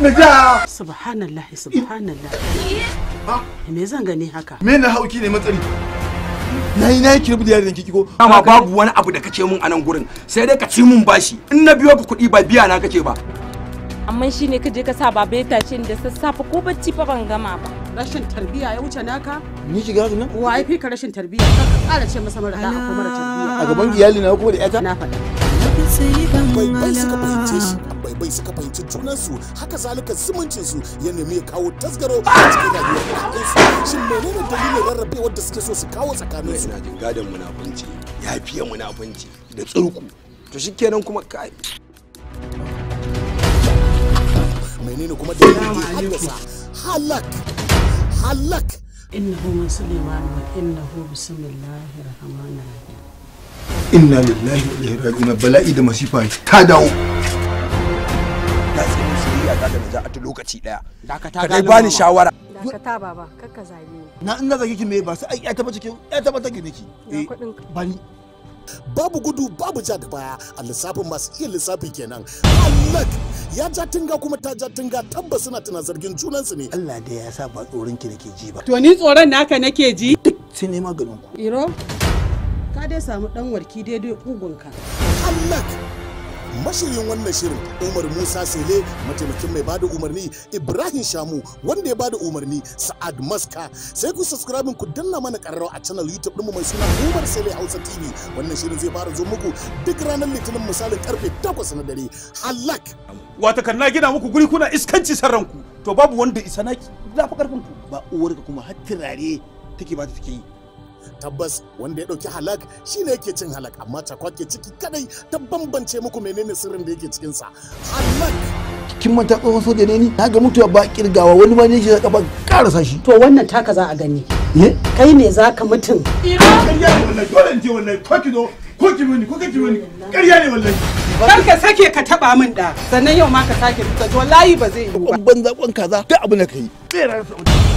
Naja! Subhanallah, subhanallah. Me zan gani haka? Me na hauki ne matsari? Na yi na yi kirbi da yarin kiki ko? Amma babu wani abu da kace mun a nan gurin. Sai dai ka ci mun bashi. In na biyo ka kuɗi ba biya na kake ba. Amma shi ne ka je ka sa baba ya tashi da sassafe ko bacci fa ban gama ba. Rashin tarbiyya ya wuce naka? Ni shiga nan? Wa ai fi ka rashin tarbiyya. Ka ƙara ce masa mara da'a ko mara tarbiya. A gaban iyali na ko da ƴata? Na faɗa. Bai bai suka fahimce shi. bai suka fahimci junansu haka zalika zumuncin su ya nemi ya kawo tasgaro a cikin rayuwar su shin menene dalilin rarrabewar da suke so su kawo tsakanin su ina jin gadon munafunci ya fiye munafunci da tsurku to shikenan kuma kai menene kuma da yake haddasa halak halak innahu min suleiman wa innahu bismillahir rahmanir rahim inna lillahi wa inna ilaihi raji'un bala'i da masifa ta dawo soyayya ta da a ta lokaci daya ka dai bani shawara dakata baba kakka zage ni na in na zage ki me ba sai ai ya taba cikin ta taba take niki eh bani babu gudu babu ja da baya a lissafin masu iya lissafi kenan Allah ya ja tunga kuma ta ja tunga tabbas suna tana zargin junansu ne Allah da ya sa ba tsoron ki nake ji ba to ni tsoron naka nake ji duk sai ne maganin ku iro ka dai samu dan warki daidai kugunka Allah Mashirin wannan shirin Umar Musa Sele mataimakin mai bada umarni Ibrahim Shamu wanda ya bada umarni Sa'ad Maska sai ku subscribe ku danna mana karrawa a channel YouTube mu mai suna Umar Sele Hausa TV wannan shirin zai fara zo muku duk ranar Litinin misalin karfe 8 na dare. Halak. Wata kan na gina muku guri kuna iskanci sarranku to babu wanda isa naki na karfin ku ba uwarka kuma har turare take ba ta take yi. tabbas wanda ya ɗauki halak shine yake cin halak amma cakwa ke ciki kadai ta bambance muku menene sirrin da yake cikinsa halak kin ta tsohon soja ne ni na ga mutuwa ba kirgawa wani ma ne shi da kafa karasa shi to wannan taka za a gani eh? kai ne za ka mutum ƙarya ne wallahi dole in je wallahi ko ki zo ko ki wani ko ki wani ƙarya ne wallahi kar ka sake ka taba min da sannan yau ma ka sake fita wallahi ba zai yi ba ban zakon kaza duk abin da kai tsere